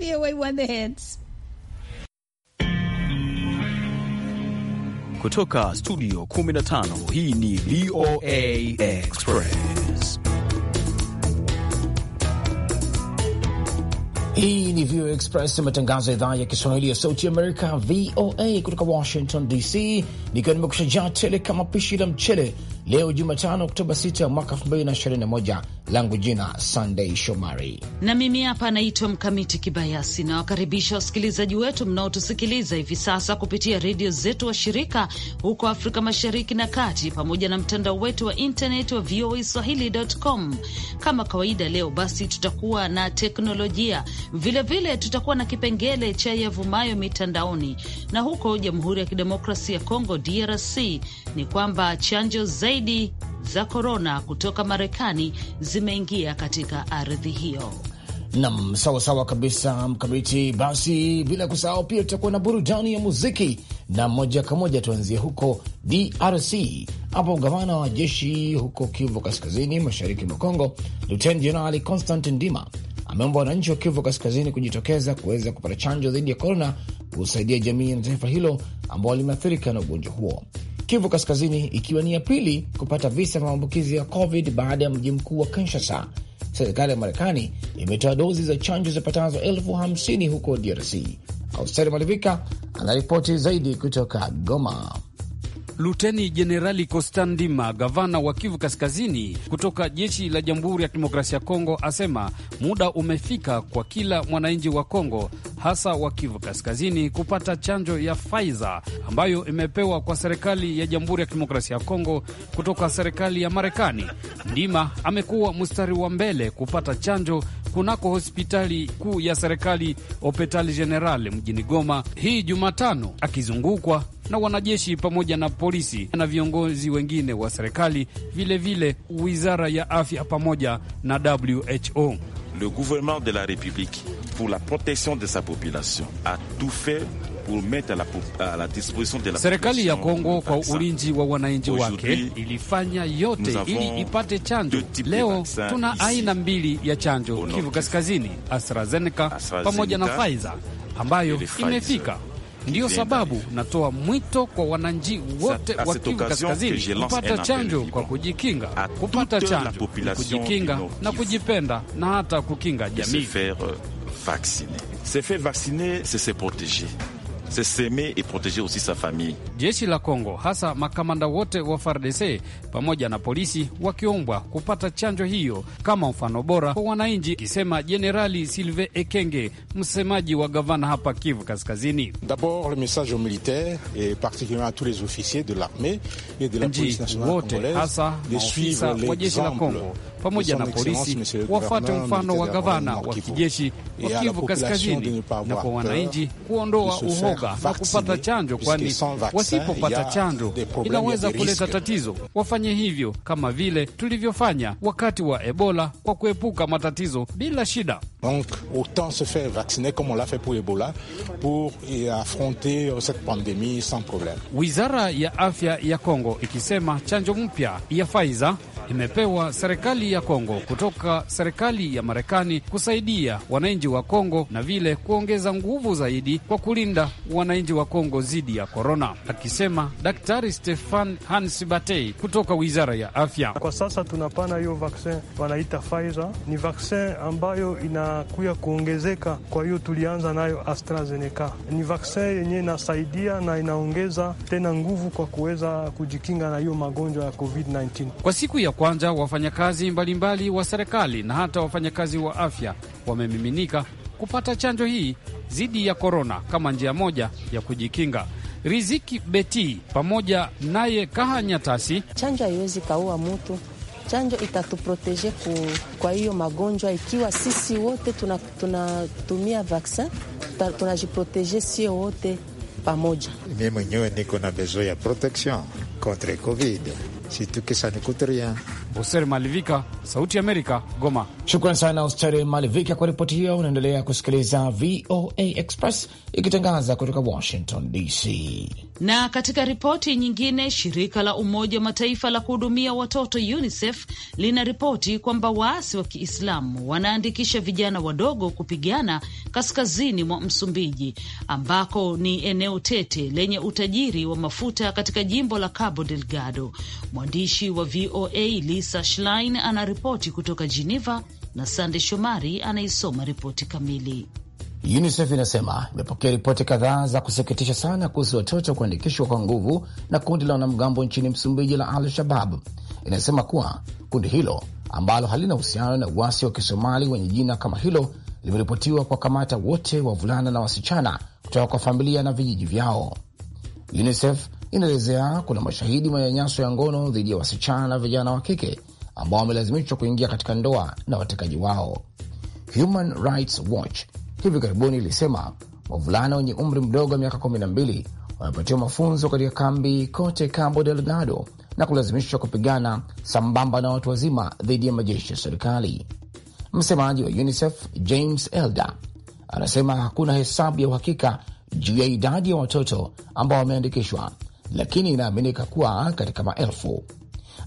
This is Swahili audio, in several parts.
VOA One the Hits. Kutoka studio 15 hii ni VOA Express. Hii ni VOA Express, matangazo ya idhaa ya Kiswahili ya sauti Amerika, VOA kutoka Washington DC, nikiwa nimekusha jaa tele kama pishi la mchele leo Jumatano Oktoba 6 mwaka 2021. Langu jina Sunday Shomari na mimi hapa naitwa Mkamiti Kibayasi. Nawakaribisha wasikilizaji wetu mnaotusikiliza hivi sasa kupitia redio zetu wa shirika huko Afrika Mashariki na Kati, pamoja na mtandao wetu wa intaneti wa VOA Swahili.com. Kama kawaida, leo basi tutakuwa na teknolojia vilevile vile, tutakuwa na kipengele cha yavumayo mitandaoni, na huko Jamhuri ya Kidemokrasi ya Kongo DRC ni kwamba chanjo zaidi zaidi za korona kutoka Marekani zimeingia katika ardhi hiyo. Nam, sawa sawa kabisa Mkamiti. Basi bila kusahau pia tutakuwa na burudani ya muziki, na moja kwa moja tuanzie huko DRC ambapo gavana wa jeshi huko Kivu Kaskazini, mashariki mwa Kongo, Luteni Jenerali Constant Ndima ameomba wananchi wa Kivu Kaskazini kujitokeza kuweza kupata chanjo dhidi ya korona kusaidia jamii na taifa hilo ambao limeathirika na ugonjwa huo. Kivu Kaskazini ikiwa ni ya pili kupata visa vya maambukizi ya COVID baada ya mji mkuu wa Kinshasa. Serikali ya Marekani imetoa dozi za chanjo zipatazo elfu hamsini huko DRC. Austeri Malivika anaripoti zaidi kutoka Goma. Luteni Jenerali Kostandima, gavana wa Kivu Kaskazini kutoka jeshi la Jamhuri ya Kidemokrasia ya Kongo, asema muda umefika kwa kila mwananchi wa Kongo, hasa wa Kivu Kaskazini, kupata chanjo ya Pfizer ambayo imepewa kwa serikali ya Jamhuri ya Kidemokrasia ya Kongo kutoka serikali ya Marekani. Ndima amekuwa mstari wa mbele kupata chanjo kunako hospitali kuu ya serikali Hopital General mjini Goma hii Jumatano akizungukwa na wanajeshi pamoja na polisi na viongozi wengine wa serikali, vilevile wizara ya afya pamoja na WHO. Le gouvernement de la République pour la protection de sa population a tout fait Serikali ya Kongo kwa ulinzi wa wananchi wake ilifanya yote ili ipate chanjo. Leo tuna aina mbili ya chanjo Kivu Kaskazini, AstraZeneca, AstraZeneca pamoja na Pfizer ambayo imefika Ndiyo sababu natoa mwito kwa wananchi wote wa Kivu Kaskazini kupata chanjo kwa kujikinga. Kupata chanjo kujikinga na kujipenda na hata kukinga jamii. Euh, se faire vacciner, se c'est s'aimer aussi sa famille. Jeshi la congo hasa makamanda wote wa FARDC pamoja na polisi, wakiombwa kupata chanjo hiyo kama mfano bora kwa wananchi, akisema Jenerali Sylvain Ekenge, msemaji wa gavana hapa Kivu Kaskazini. D'abord le message aux militaires et particulièrement à tous les officiers de l'armée et de la police nationale congolaise wote, hasa maofisa wa jeshi la Kongo pamoja na polisi wafuate mfano wa gavana wa kijeshi wa Kivu Kaskazini, na kwa wananchi kuondoa uhoga na kupata chanjo, kwani wasipopata chanjo inaweza kuleta tatizo. Wafanye hivyo kama vile tulivyofanya wakati wa Ebola kwa kuepuka matatizo bila shida. Donc autant se faire vacciner comme on l'a fait pour Ebola pour affronter euh, cette pandemie sans problème. Wizara ya afya ya Kongo ikisema chanjo mpya ya Pfizer imepewa serikali ya Kongo kutoka serikali ya Marekani kusaidia wananchi wa Kongo na vile kuongeza nguvu zaidi kwa kulinda wananchi wa Kongo dhidi ya korona, akisema Daktari Stefan Hans Batei kutoka Wizara ya Afya. Kwa sasa tunapana hiyo vaksin wanaita Pfizer, ni vaksin ambayo inakuya kuongezeka. Kwa hiyo tulianza nayo AstraZeneca, ni vaksin yenye inasaidia na inaongeza tena nguvu kwa kuweza kujikinga na hiyo magonjwa ya COVID-19. Kwa siku ya kwanza wafanyakazi mbalimbali wa serikali na hata wafanyakazi wa afya wamemiminika kupata chanjo hii dhidi ya korona kama njia moja ya kujikinga. Riziki Beti pamoja naye Kahanyatasi, chanjo haiwezi kaua mtu, chanjo itatuproteje ku, kwa hiyo magonjwa. Ikiwa sisi wote tunatumia tuna vaksin, tunajiproteje sio wote pamoja. Mi mwenyewe niko na bezo ya protection contre covid situkisanikuturia Oser Malivika, Sauti ya Amerika, Goma. Shukran sana Ustere Malivika kwa ripoti hiyo. Unaendelea kusikiliza VOA Express ikitangaza kutoka Washington DC. Na katika ripoti nyingine, shirika la Umoja wa Mataifa la kuhudumia watoto UNICEF lina ripoti kwamba waasi wa Kiislamu wanaandikisha vijana wadogo kupigana kaskazini mwa Msumbiji, ambako ni eneo tete lenye utajiri wa mafuta katika jimbo la Cabo Delgado. Mwandishi wa VOA Lisa Schlein anaripoti kutoka Geneva na Sande Shomari anaisoma ripoti kamili. UNICEF inasema imepokea ripoti kadhaa za kusikitisha sana kuhusu watoto kuandikishwa kwa nguvu na kundi la wanamgambo nchini Msumbiji la Al Shabab. Inasema kuwa kundi hilo ambalo halina uhusiano na uasi wa Kisomali wenye jina kama hilo limeripotiwa kwa kamata wote wavulana na wasichana kutoka kwa familia na vijiji vyao. UNICEF inaelezea kuna mashahidi manyanyaso ya ngono dhidi ya wasichana na vijana wa kike ambao wamelazimishwa kuingia katika ndoa na watekaji wao. Human Rights Watch hivi karibuni ilisema wavulana wenye umri mdogo wa miaka 12 wamepatiwa mafunzo katika kambi kote Cabo Delgado na kulazimishwa kupigana sambamba na watu wazima dhidi ya majeshi ya serikali. Msemaji wa UNICEF James Elder anasema hakuna hesabu ya uhakika juu ya idadi ya watoto ambao wameandikishwa, lakini inaaminika kuwa katika maelfu.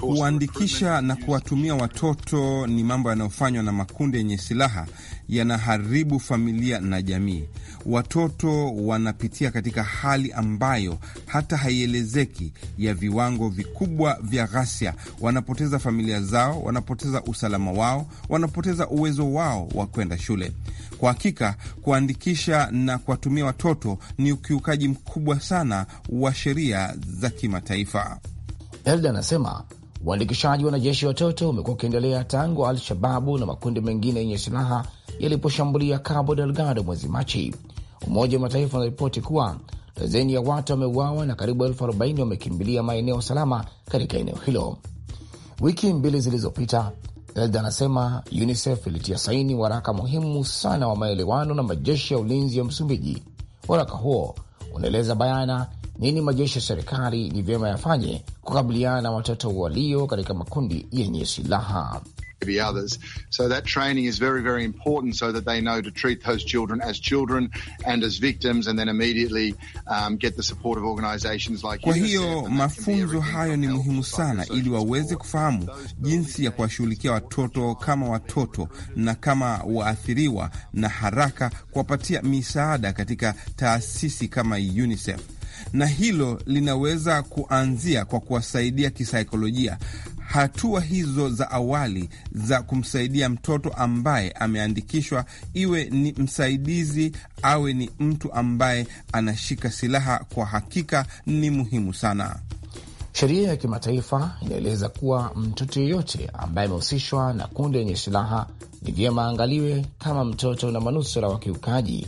Kuwaandikisha na kuwatumia watoto ni mambo yanayofanywa na makundi yenye silaha, yanaharibu familia na jamii. Watoto wanapitia katika hali ambayo hata haielezeki, ya viwango vikubwa vya ghasia. Wanapoteza familia zao, wanapoteza usalama wao, wanapoteza uwezo wao wa kwenda shule. Kwa hakika, kuandikisha na kuwatumia watoto ni ukiukaji mkubwa sana wa sheria za kimataifa elda anasema uandikishaji wa wanajeshi watoto umekuwa ukiendelea tangu Al-Shababu na makundi mengine yenye silaha yaliposhambulia Cabo Delgado mwezi Machi. Umoja wa Mataifa unaripoti kuwa dazeni ya watu wameuawa na karibu elfu arobaini wamekimbilia maeneo salama katika eneo hilo. Wiki mbili zilizopita, Elda anasema UNICEF ilitia saini waraka muhimu sana wa maelewano na majeshi ya ulinzi ya Msumbiji. Waraka huo unaeleza bayana nini majeshi ya serikali ni vyema yafanye kukabiliana na watoto walio katika makundi yenye silaha. So that training is very, very important so that they know to treat those children as children and as victims and then immediately um, get the support of organizations like Kwa hiyo mafunzo hayo ni muhimu sana ili waweze kufahamu jinsi ya kuwashughulikia watoto kama watoto na kama waathiriwa na haraka kuwapatia misaada katika taasisi kama UNICEF na hilo linaweza kuanzia kwa kuwasaidia kisaikolojia. Hatua hizo za awali za kumsaidia mtoto ambaye ameandikishwa, iwe ni msaidizi, awe ni mtu ambaye anashika silaha, kwa hakika ni muhimu sana. Sheria ya kimataifa inaeleza kuwa mtoto yeyote ambaye amehusishwa na kundi lenye silaha ni vyema aangaliwe kama mtoto na manusura wa kiukaji.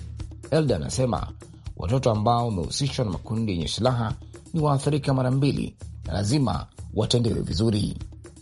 Elda anasema Watoto ambao wamehusishwa na makundi yenye silaha ni waathirika mara mbili na lazima watendewe vizuri.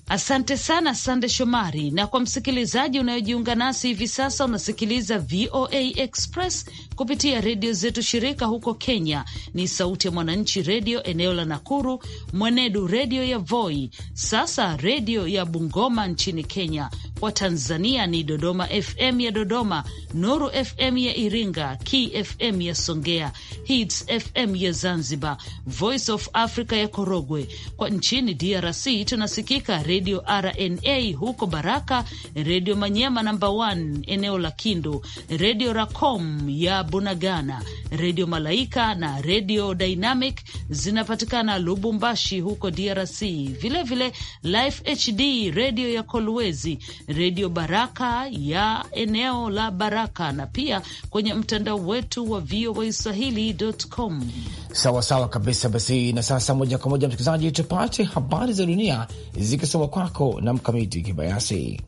Asante sana Sande Shomari. Na kwa msikilizaji unayojiunga nasi hivi sasa, unasikiliza VOA Express kupitia redio zetu shirika huko Kenya ni Sauti ya Mwananchi redio eneo la Nakuru, Mwenedu redio ya Voi, sasa redio ya Bungoma nchini Kenya, wa Tanzania ni Dodoma FM ya Dodoma, Nuru FM ya Iringa, KFM ya Songea, Hits FM ya Zanzibar, Voice of Africa ya Korogwe. Kwa nchini DRC tunasikika redio RNA huko Baraka, redio Manyema namba 1 eneo la Kindu, redio Racom ya Bunagana, redio Malaika na redio Dynamic zinapatikana Lubumbashi huko DRC, vilevile Life HD redio ya Kolwezi, Redio Baraka ya eneo la Baraka na pia kwenye mtandao wetu wa VOA Swahili.com. Sawa sawa kabisa. Basi na sasa, moja kwa moja, msikilizaji, tupate habari za dunia zikisoma kwako na Mkamiti Kibayasi.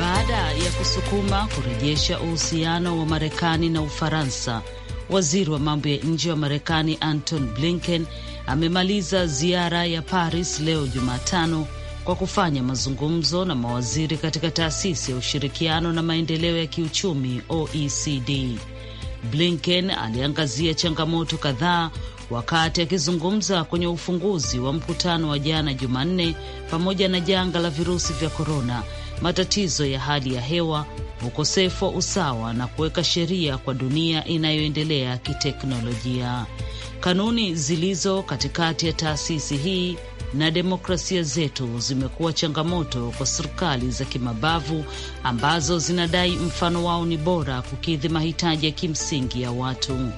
Baada ya kusukuma kurejesha uhusiano wa Marekani na Ufaransa Waziri wa mambo ya nje wa Marekani Anton Blinken amemaliza ziara ya Paris leo Jumatano kwa kufanya mazungumzo na mawaziri katika taasisi ya ushirikiano na maendeleo ya kiuchumi OECD. Blinken aliangazia changamoto kadhaa wakati akizungumza kwenye ufunguzi wa mkutano wa jana Jumanne, pamoja na janga la virusi vya korona matatizo ya hali ya hewa, ukosefu wa usawa na kuweka sheria kwa dunia inayoendelea kiteknolojia. Kanuni zilizo katikati ya taasisi hii na demokrasia zetu zimekuwa changamoto kwa serikali za kimabavu ambazo zinadai mfano wao ni bora kukidhi mahitaji ya kimsingi ya watu.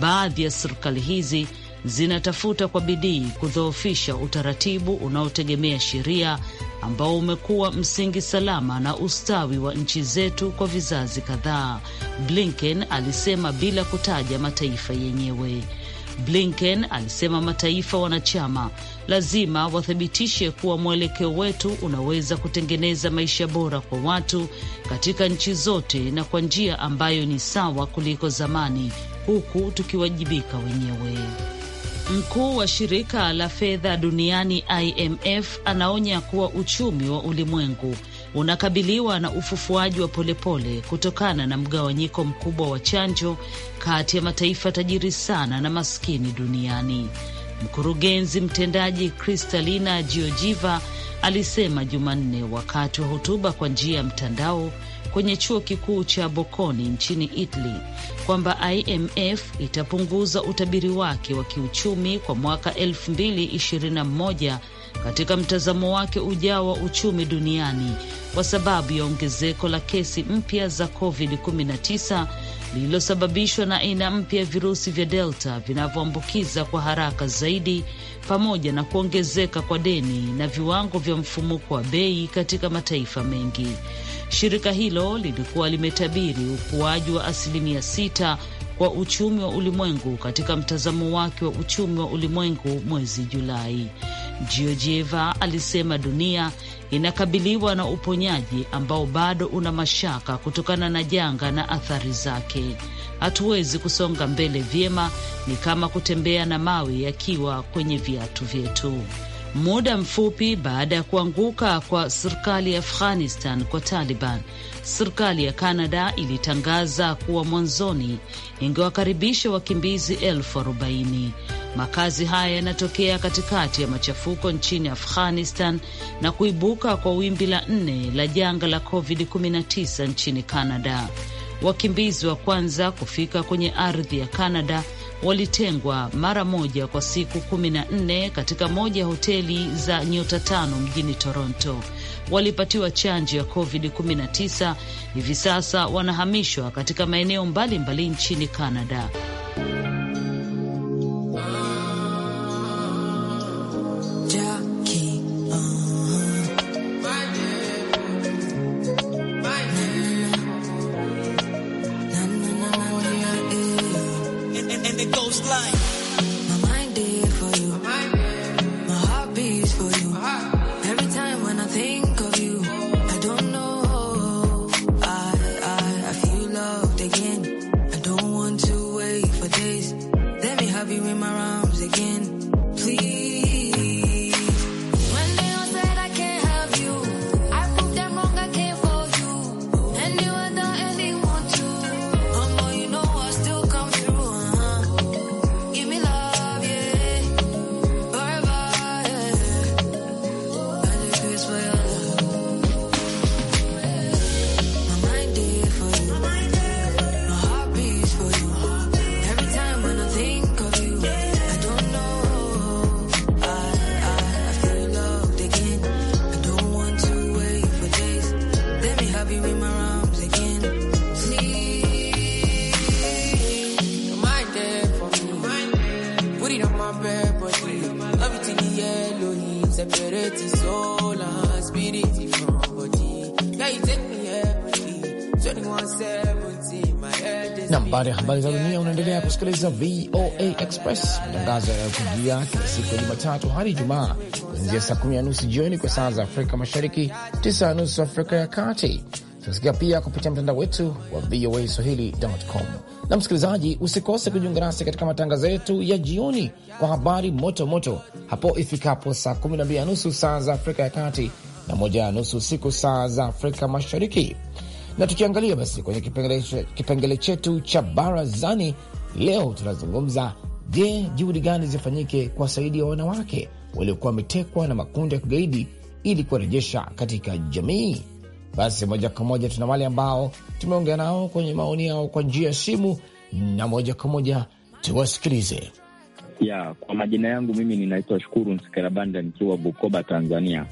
Baadhi ya serikali hizi zinatafuta kwa bidii kudhoofisha utaratibu unaotegemea sheria ambao umekuwa msingi salama na ustawi wa nchi zetu kwa vizazi kadhaa, Blinken alisema bila kutaja mataifa yenyewe. Blinken alisema mataifa wanachama lazima wathibitishe kuwa mwelekeo wetu unaweza kutengeneza maisha bora kwa watu katika nchi zote na kwa njia ambayo ni sawa kuliko zamani, huku tukiwajibika wenyewe. Mkuu wa shirika la fedha duniani IMF anaonya kuwa uchumi wa ulimwengu unakabiliwa na ufufuaji wa polepole kutokana na mgawanyiko mkubwa wa chanjo kati ya mataifa tajiri sana na maskini duniani. Mkurugenzi mtendaji Kristalina Georgieva alisema Jumanne wakati wa hotuba kwa njia ya mtandao kwenye chuo kikuu cha Bocconi nchini Italy kwamba IMF itapunguza utabiri wake wa kiuchumi kwa mwaka 2021 katika mtazamo wake ujao wa uchumi duniani kwa sababu ya ongezeko la kesi mpya za COVID-19 lililosababishwa na aina mpya ya virusi vya Delta vinavyoambukiza kwa haraka zaidi pamoja na kuongezeka kwa deni na viwango vya mfumuko wa bei katika mataifa mengi. Shirika hilo lilikuwa limetabiri ukuaji wa asilimia sita kwa uchumi wa ulimwengu katika mtazamo wake wa uchumi wa ulimwengu mwezi Julai. Georgieva alisema dunia inakabiliwa na uponyaji ambao bado una mashaka kutokana na janga na athari zake. Hatuwezi kusonga mbele vyema, ni kama kutembea na mawe yakiwa kwenye viatu vyetu. Muda mfupi baada ya kuanguka kwa serikali ya Afghanistan kwa Taliban, serikali ya Kanada ilitangaza kuwa mwanzoni ingewakaribisha wakimbizi elfu arobaini. Makazi haya yanatokea katikati ya machafuko nchini Afghanistan na kuibuka kwa wimbi la nne la janga la COVID-19 nchini canada Wakimbizi wa kwanza kufika kwenye ardhi ya canada walitengwa mara moja kwa siku kumi na nne katika moja ya hoteli za nyota tano mjini Toronto. Walipatiwa chanjo ya COVID-19. Hivi sasa wanahamishwa katika maeneo mbalimbali nchini canada faith baada ya habari za dunia unaendelea kusikiliza VOA Express, matangazo yanayokujia kila siku ya Jumatatu hadi Ijumaa kuanzia saa kumi na nusu jioni kwa saa za Afrika Mashariki, tisa na nusu Afrika ya Kati tunasikia pia kupitia mtandao wetu wa VOA Swahili.com. Na msikilizaji, usikose kujiunga nasi katika matangazo yetu ya jioni kwa habari moto moto hapo ifikapo saa 12 na nusu saa za Afrika ya Kati na moja na nusu usiku saa za Afrika Mashariki. Na tukiangalia basi kwenye kipengele, kipengele chetu cha barazani leo tunazungumza, je, juhudi gani zifanyike kuwasaidia wanawake waliokuwa wametekwa na makundi ya kigaidi ili kuwarejesha katika jamii? Basi moja kwa moja tuna wale ambao tumeongea nao kwenye maoni yao kwa njia ya simu, na moja kwa moja tuwasikilize. Ya, kwa majina yangu mimi ninaitwa Shukuru Nsikerabanda nikiwa Bukoba, Tanzania.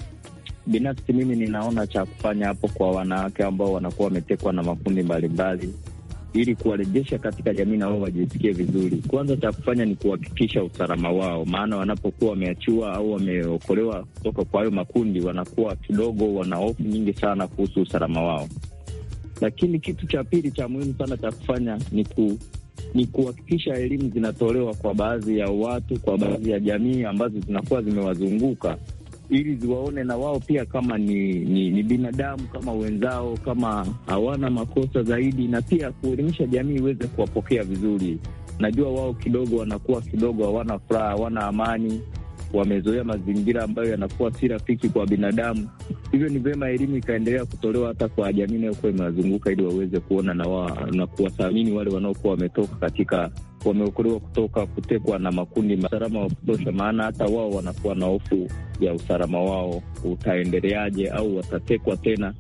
Binafsi mimi ninaona cha kufanya hapo kwa wanawake ambao wanakuwa wametekwa na makundi mbalimbali ili kuwarejesha katika jamii na wao wajisikie vizuri. Kwanza cha kufanya ni kuhakikisha usalama wao, maana wanapokuwa wameachiwa au wameokolewa kutoka kwa hayo makundi, wanakuwa kidogo wana hofu nyingi sana kuhusu usalama wao. Lakini kitu cha pili cha muhimu sana cha kufanya ni ku ni kuhakikisha elimu zinatolewa kwa baadhi ya watu, kwa baadhi ya jamii ambazo zinakuwa zimewazunguka ili ziwaone na wao pia kama ni, ni, ni binadamu kama wenzao, kama hawana makosa zaidi, na pia kuelimisha jamii iweze kuwapokea vizuri. Najua wao kidogo wanakuwa kidogo hawana furaha, hawana amani, wamezoea mazingira ambayo yanakuwa si rafiki kwa binadamu. Hivyo ni vyema elimu ikaendelea kutolewa hata kwa jamii inayokuwa imewazunguka ili waweze kuona na, wa, na kuwathamini wale wanaokuwa wametoka katika wameokolewa kutoka kutekwa na makundi usalama wa kutosha, maana hata wao wanakuwa na hofu ya usalama wao utaendeleaje, au watatekwa tena.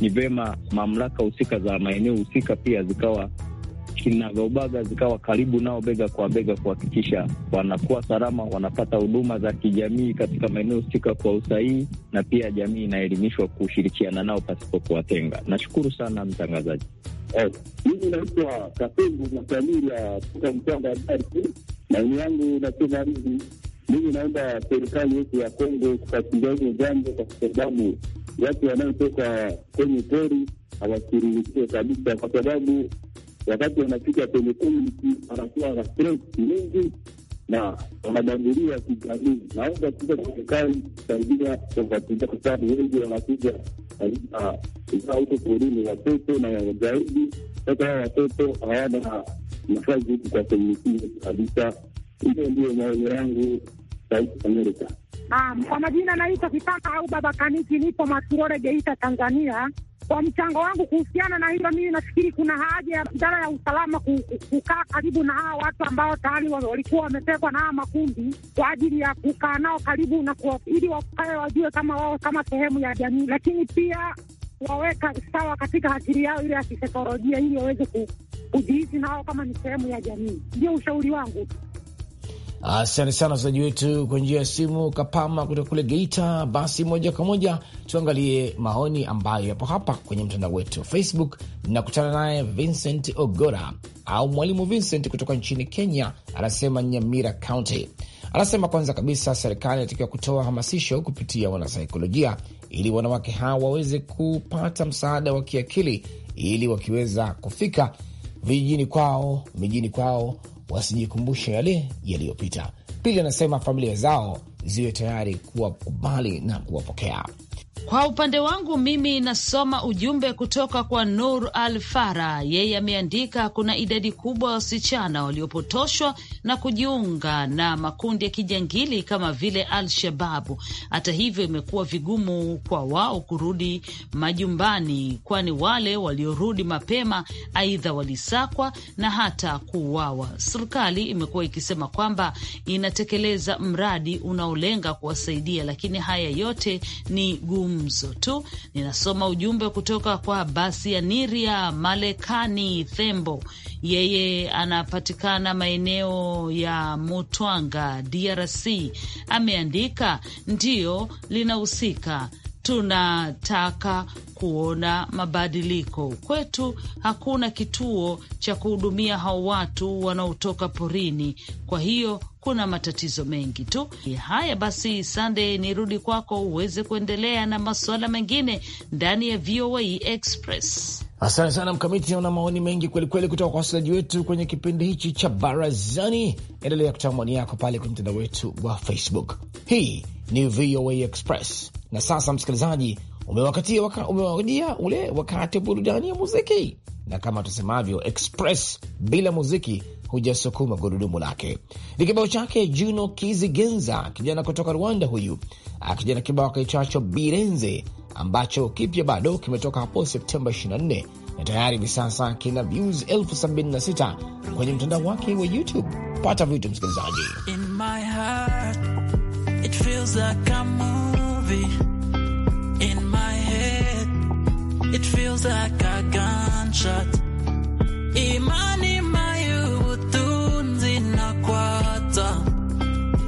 Ni vema mamlaka husika za maeneo husika pia zikawa kinagaubaga zikawa karibu nao bega kwa bega, kuhakikisha wanakuwa salama, wanapata huduma za kijamii katika maeneo husika kwa usahihi, na pia jamii inaelimishwa kushirikiana nao pasipo kuwatenga. Nashukuru sana mtangazaji. Eh, mimi naitwa Kapengu Masamila kutoka mtambo wa Dar. Maoni yangu nasema hivi, mimi naomba serikali yetu ya Kongo kufuatilia hilo jambo, kwa sababu watu wanaotoka kwenye pori hawashughulikiwe kabisa, kwa sababu wakati wanafika kwenye komiti wanakuwa na stress nyingi na ya kijamii. Naomba sasa serikali kusaidia kufuatilia, kwa sababu wengi wanakuja katika huko porini, watoto na wazaidi. Sasa hawa watoto hawana nafasi huku kwa komiti kabisa. Hiyo ndio maono yangu, Sauti Amerika. Naam, kwa majina naitwa Kipaka au Baba Kaniki, nipo Maturore, Geita, Tanzania. Kwa mchango wangu kuhusiana na hilo, mimi nafikiri kuna haja ya idara ya usalama kukaa karibu na hawa watu ambao tayari walikuwa wametekwa na haya makundi, kwa ajili ya kukaa nao karibu na ili wakae wajue kama wao kama sehemu ya jamii, lakini pia waweka sawa katika akili yao ile ya kisaikolojia, ili waweze kujihisi nao kama ni sehemu ya jamii. Ndio ushauri wangu. Asante sana wachezaji wetu kwa njia ya simu. Kapama kutoka kule Geita. Basi moja kwa moja tuangalie maoni ambayo yapo hapa kwenye mtandao wetu wa Facebook. Nakutana naye Vincent Ogora au Mwalimu Vincent kutoka nchini Kenya, anasema Nyamira County. Anasema kwanza kabisa, serikali inatakiwa kutoa hamasisho kupitia wanasaikolojia ili wanawake hawa waweze kupata msaada wa kiakili ili wakiweza kufika vijijini kwao, mijini kwao wasijikumbushe yale yaliyopita. Pili, anasema familia zao ziwe tayari kuwakubali na kuwapokea. Kwa upande wangu mimi nasoma ujumbe kutoka kwa Nur Al Fara. Yeye ameandika kuna idadi kubwa ya wasichana waliopotoshwa na kujiunga na makundi ya kijangili kama vile Al Shababu. Hata hivyo, imekuwa vigumu kwa wao kurudi majumbani, kwani wale waliorudi mapema aidha walisakwa na hata kuuawa. Serikali imekuwa ikisema kwamba inatekeleza mradi unaolenga kuwasaidia, lakini haya yote ni gumu gumzo tu. Ninasoma ujumbe kutoka kwa Basianiria Malekani Thembo, yeye anapatikana maeneo ya Mutwanga, DRC. Ameandika ndiyo linahusika tunataka kuona mabadiliko kwetu. Hakuna kituo cha kuhudumia hao watu wanaotoka porini, kwa hiyo kuna matatizo mengi tu. Haya basi, Sunday, nirudi kwako uweze kuendelea na masuala mengine ndani ya VOA Express. Asante sana Mkamiti, naona maoni mengi kwelikweli kutoka kwa wasikilizaji wetu kwenye kipindi hichi cha Barazani. Endelea kutoa maoni yako pale kwenye mtandao wetu wa Facebook. Hii ni VOA Express. Na sasa, msikilizaji, umewakatia waka, umewadia ule wakati burudani ya muziki, na kama tusemavyo express bila muziki hujasukuma gurudumu lake. Ni kibao chake Juno Kizigenza, kijana kutoka Rwanda huyu akijana kibao kaichacho Birenze ambacho kipya bado kimetoka hapo Septemba 24 na tayari hivi sasa kina views elfu sabini na sita kwenye mtandao wake wa YouTube. Pata vitu msikilizaji. In my heart. feels like a movie in my head. It feels like a gunshot. Imani mayu tunzi na kwata.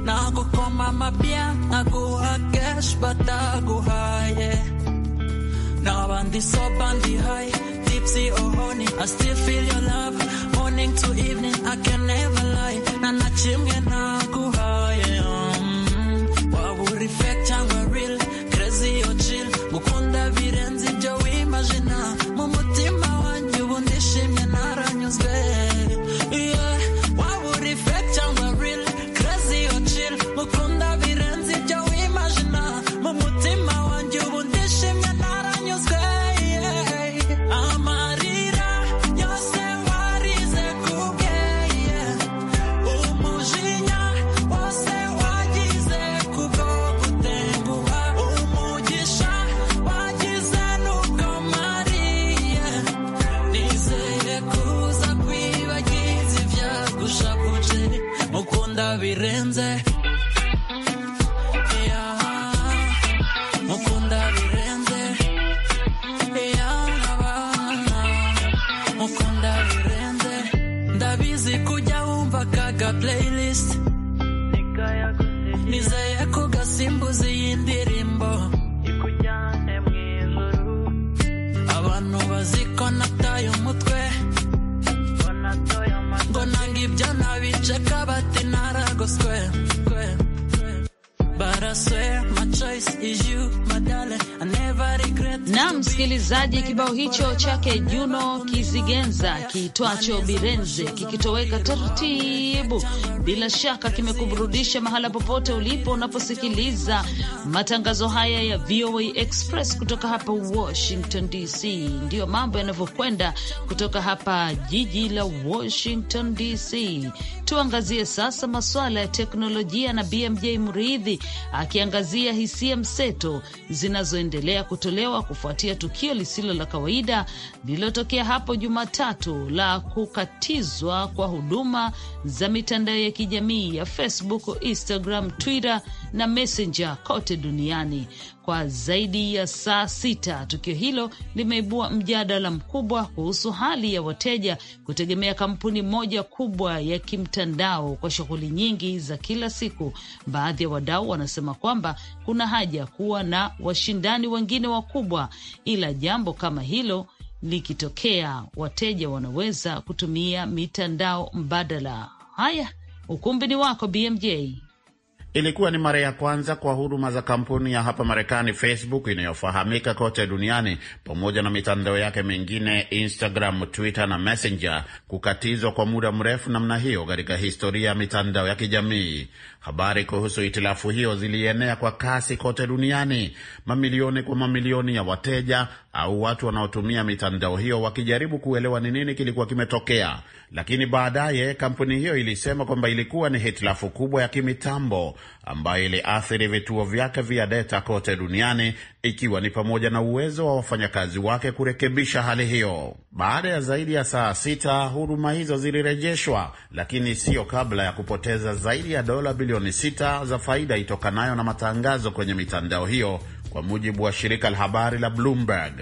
Na go koma mapia, na go hakesh bata go high. Now I'm this up the high. Tipsy or honey, I still feel your love. Morning to evening, I can never lie. Na na chimge na. I vicheka but in Arago Square, Square, Square. But I swear my choice is you na msikilizaji, kibao hicho chake Juno Kizigenza kiitwacho Birenze kikitoweka taratibu, bila shaka kimekuburudisha mahala popote ulipo unaposikiliza matangazo haya ya VOA Express kutoka hapa Washington DC. Ndiyo mambo yanavyokwenda kutoka hapa jiji la Washington DC. Tuangazie sasa masuala ya teknolojia na BMJ Mridhi akiangazia hisia mseto zinazoendelea kutolewa kufuatia tukio lisilo la kawaida lililotokea hapo Jumatatu la kukatizwa kwa huduma za mitandao ya kijamii ya Facebook, Instagram, Twitter na Messenger kote duniani kwa zaidi ya saa sita. Tukio hilo limeibua mjadala mkubwa kuhusu hali ya wateja kutegemea kampuni moja kubwa ya kimtandao kwa shughuli nyingi za kila siku. Baadhi ya wadau wanasema kwamba kuna haja kuwa na washindani wengine wakubwa, ila jambo kama hilo likitokea, wateja wanaweza kutumia mitandao mbadala. Haya, ukumbi ni wako BMJ. Ilikuwa ni mara ya kwanza kwa huduma za kampuni ya hapa Marekani Facebook inayofahamika kote duniani pamoja na mitandao yake mingine Instagram, Twitter na Messenger kukatizwa kwa muda mrefu namna hiyo katika historia ya mitandao ya kijamii. Habari kuhusu hitilafu hiyo zilienea kwa kasi kote duniani, mamilioni kwa mamilioni ya wateja au watu wanaotumia mitandao hiyo wakijaribu kuelewa ni nini kilikuwa kimetokea. Lakini baadaye kampuni hiyo ilisema kwamba ilikuwa ni hitilafu kubwa ya kimitambo ambayo iliathiri vituo vyake vya deta kote duniani, ikiwa ni pamoja na uwezo wa wafanyakazi wake kurekebisha hali hiyo. Baada ya zaidi ya saa sita, huduma hizo zilirejeshwa, lakini siyo kabla ya kupoteza zaidi ya dola bilioni bilioni sita za faida itokanayo na matangazo kwenye mitandao hiyo, kwa mujibu wa shirika la habari la Bloomberg.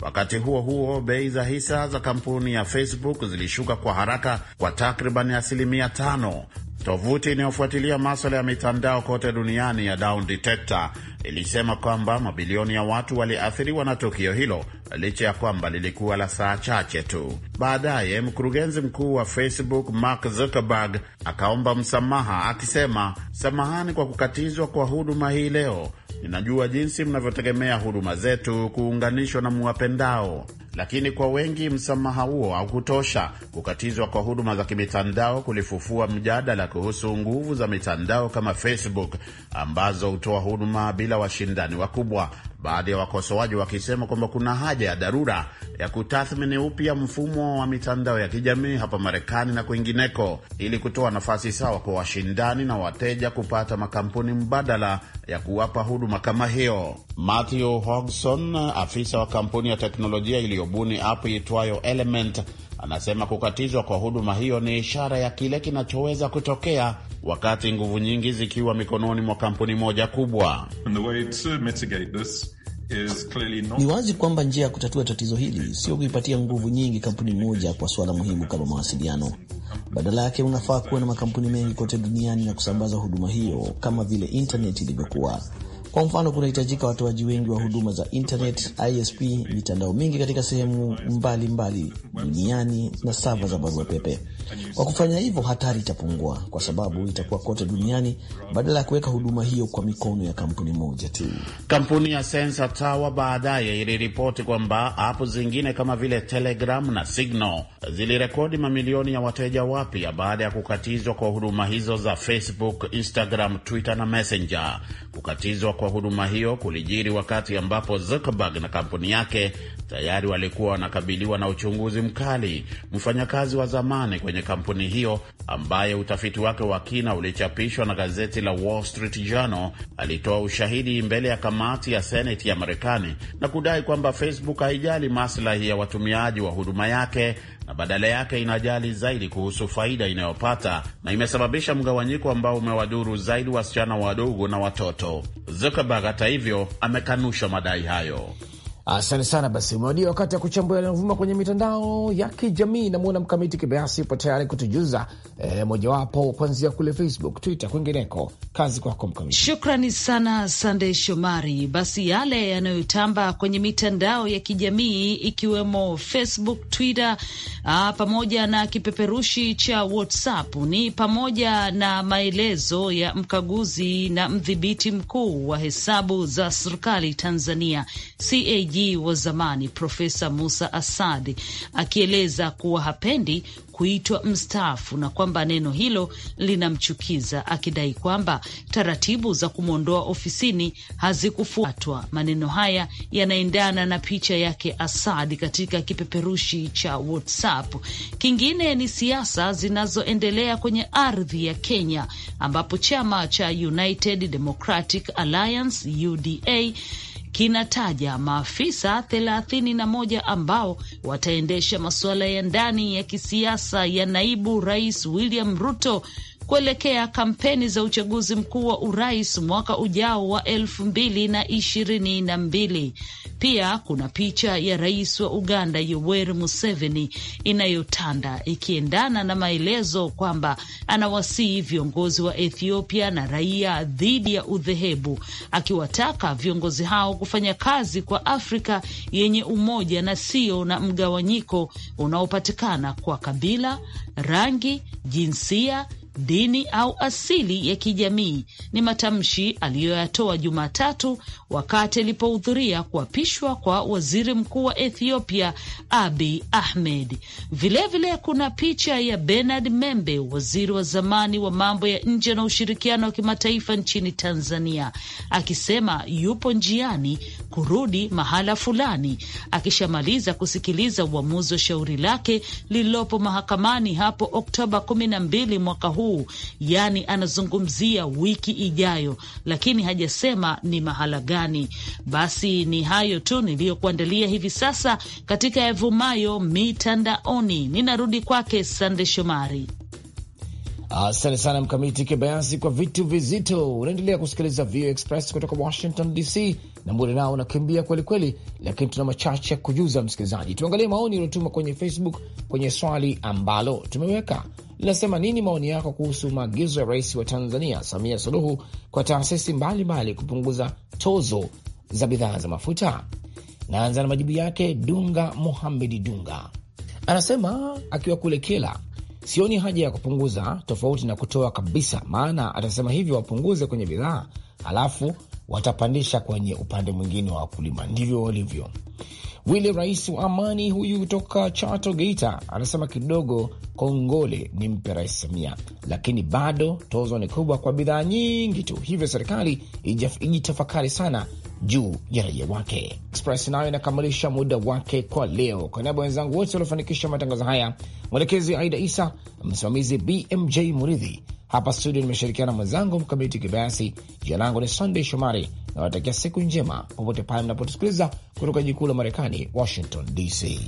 Wakati huo huo, bei za hisa za kampuni ya Facebook zilishuka kwa haraka kwa takribani asilimia tano Tovuti inayofuatilia maswala ya mitandao kote duniani ya Down Detector ilisema kwamba mabilioni ya watu waliathiriwa na tukio hilo licha ya kwamba lilikuwa la saa chache tu. Baadaye mkurugenzi mkuu wa Facebook Mark Zuckerberg akaomba msamaha akisema, samahani kwa kukatizwa kwa huduma hii leo, ninajua jinsi mnavyotegemea huduma zetu kuunganishwa na muwapendao lakini kwa wengi msamaha huo haukutosha. Kukatizwa kwa huduma za kimitandao kulifufua mjadala kuhusu nguvu za mitandao kama Facebook ambazo hutoa huduma bila washindani wakubwa, baadhi ya wakosoaji wakisema kwamba kuna haja ya dharura ya kutathmini upya mfumo wa mitandao ya kijamii hapa Marekani na kwingineko ili kutoa nafasi sawa kwa washindani na wateja kupata makampuni mbadala ya kuwapa huduma kama hiyo. Matthew Hogson, afisa wa kampuni ya teknolojia iliyo waliobuni apu itwayo Element anasema kukatizwa kwa huduma hiyo ni ishara ya kile kinachoweza kutokea wakati nguvu nyingi zikiwa mikononi mwa kampuni moja kubwa. ni wazi kwamba njia ya kutatua tatizo hili sio kuipatia nguvu nyingi kampuni moja kwa suala muhimu kama mawasiliano. Badala yake, unafaa kuwa na makampuni mengi kote duniani na kusambaza huduma hiyo kama vile intaneti ilivyokuwa. Kwa mfano, kunahitajika watoaji wengi wa huduma za internet, ISP, mitandao mingi katika sehemu mbalimbali duniani na sava za barua pepe. Kwa kufanya hivyo, hatari itapungua kwa sababu itakuwa kote duniani badala ya kuweka huduma hiyo kwa mikono ya kampuni moja tu. Kampuni ya Sensor Tower baadaye iliripoti kwamba apu zingine kama vile Telegram na Signal zilirekodi mamilioni ya wateja wapya baada ya kukatizwa kwa huduma hizo za Facebook, Instagram, Twitter na Messenger. Kukatizwa kwa huduma hiyo kulijiri wakati ambapo Zuckerberg na kampuni yake tayari walikuwa wanakabiliwa na uchunguzi mkali. Mfanyakazi wa zamani kwenye kampuni hiyo ambaye utafiti wake wa kina ulichapishwa na gazeti la Wall Street Journal alitoa ushahidi mbele ya kamati ya Seneti ya Marekani na kudai kwamba Facebook haijali maslahi ya watumiaji wa huduma yake na badala yake inajali zaidi kuhusu faida inayopata na imesababisha mgawanyiko ambao umewadhuru zaidi wasichana wadogo na watoto. Zuckerberg hata hivyo amekanusha madai hayo. Asante sana. Basi umewadia wakati ya kuchambua yanayovuma kwenye mitandao ya kijamii. Namwona Mkamiti Kibayasi upo tayari kutujuza e, mojawapo kuanzia kule Facebook, Twitter, kwingineko. Kazi kwako Mkamiti. Shukrani sana Sandey Shomari. Basi yale yanayotamba kwenye mitandao ya kijamii ikiwemo Facebook, Twitter a, ah, pamoja na kipeperushi cha WhatsApp ni pamoja na maelezo ya mkaguzi na mdhibiti mkuu wa hesabu za serikali Tanzania CAG msemaji wa zamani Profesa Musa Asadi akieleza kuwa hapendi kuitwa mstaafu na kwamba neno hilo linamchukiza, akidai kwamba taratibu za kumwondoa ofisini hazikufuatwa. Maneno haya yanaendana na picha yake assad katika kipeperushi cha WhatsApp. Kingine ni siasa zinazoendelea kwenye ardhi ya Kenya, ambapo chama cha United Democratic Alliance UDA kinataja maafisa thelathini na moja ambao wataendesha masuala ya ndani ya kisiasa ya naibu rais William Ruto kuelekea kampeni za uchaguzi mkuu wa urais mwaka ujao wa elfu mbili na ishirini na mbili. Pia kuna picha ya rais wa Uganda Yoweri Museveni inayotanda ikiendana na maelezo kwamba anawasihi viongozi wa Ethiopia na raia dhidi ya udhehebu, akiwataka viongozi hao kufanya kazi kwa Afrika yenye umoja na sio na mgawanyiko unaopatikana kwa kabila, rangi, jinsia dini au asili ya kijamii, ni matamshi aliyoyatoa Jumatatu wakati alipohudhuria kuapishwa kwa waziri mkuu wa Ethiopia Abi Ahmed. Vilevile kuna picha ya Bernard Membe, waziri wa zamani wa mambo ya nje na ushirikiano wa kimataifa nchini Tanzania, akisema yupo njiani kurudi mahala fulani akishamaliza kusikiliza uamuzi wa shauri lake lililopo mahakamani hapo Oktoba 12 mwaka huu huu, yaani anazungumzia wiki ijayo, lakini hajasema ni mahala gani. Basi ni hayo tu niliyokuandalia hivi sasa katika yavumayo mitandaoni. Ninarudi kwake Sande Shomari. Asante sana Mkamiti Kibayasi kwa vitu vizito. Unaendelea kusikiliza VOA Express kutoka Washington DC, na muda nao unakimbia kwelikweli, lakini tuna machache ya kujuza msikilizaji. Tuangalie maoni uliotuma kwenye Facebook kwenye swali ambalo tumeweka linasema nini maoni yako kuhusu maagizo ya rais wa Tanzania Samia Suluhu kwa taasisi mbalimbali kupunguza tozo za bidhaa za mafuta? Naanza na majibu yake. Dunga muhamedi Dunga anasema akiwa kule Kela, sioni haja ya kupunguza, tofauti na kutoa kabisa, maana atasema hivyo wapunguze kwenye bidhaa halafu watapandisha kwenye upande mwingine wa wakulima. Ndivyo walivyo. Wile, rais wa amani huyu kutoka Chato, Geita, anasema kidogo kongole ni mpe Rais Samia, lakini bado tozo ni kubwa kwa bidhaa nyingi tu, hivyo serikali ijitafakari sana juu ya raia wake. Express nayo inakamilisha muda wake kwa leo. Kwa niaba wenzangu wote waliofanikisha matangazo haya, mwelekezi Aida Isa, msimamizi BMJ Muridhi, hapa studio nimeshirikiana mwenzangu Mkamiti Kibayasi. Jina langu ni Sunday Shomari na watakia siku njema popote pale mnapotusikiliza kutoka jikuu la Marekani, Washington DC.